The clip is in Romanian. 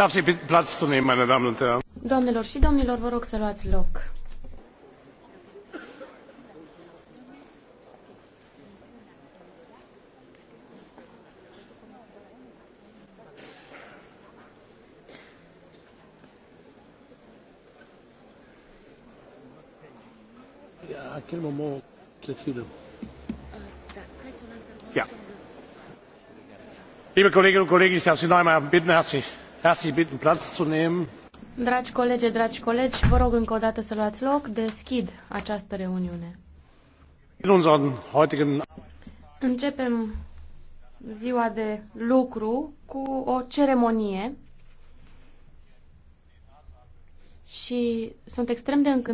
Darf Sie bitten, Doamnelor și domnilor, vă rog să luați loc. à moment clôture Liebe Kolleginnen und Kollegen, ich darf Sie noch einmal bitten, herzlich Herzlich bitten, Platz zu nehmen. Dragi colegi, dragi colegi, vă rog încă o dată să luați loc. Deschid această reuniune. Începem ziua de lucru cu o ceremonie și sunt extrem de încântată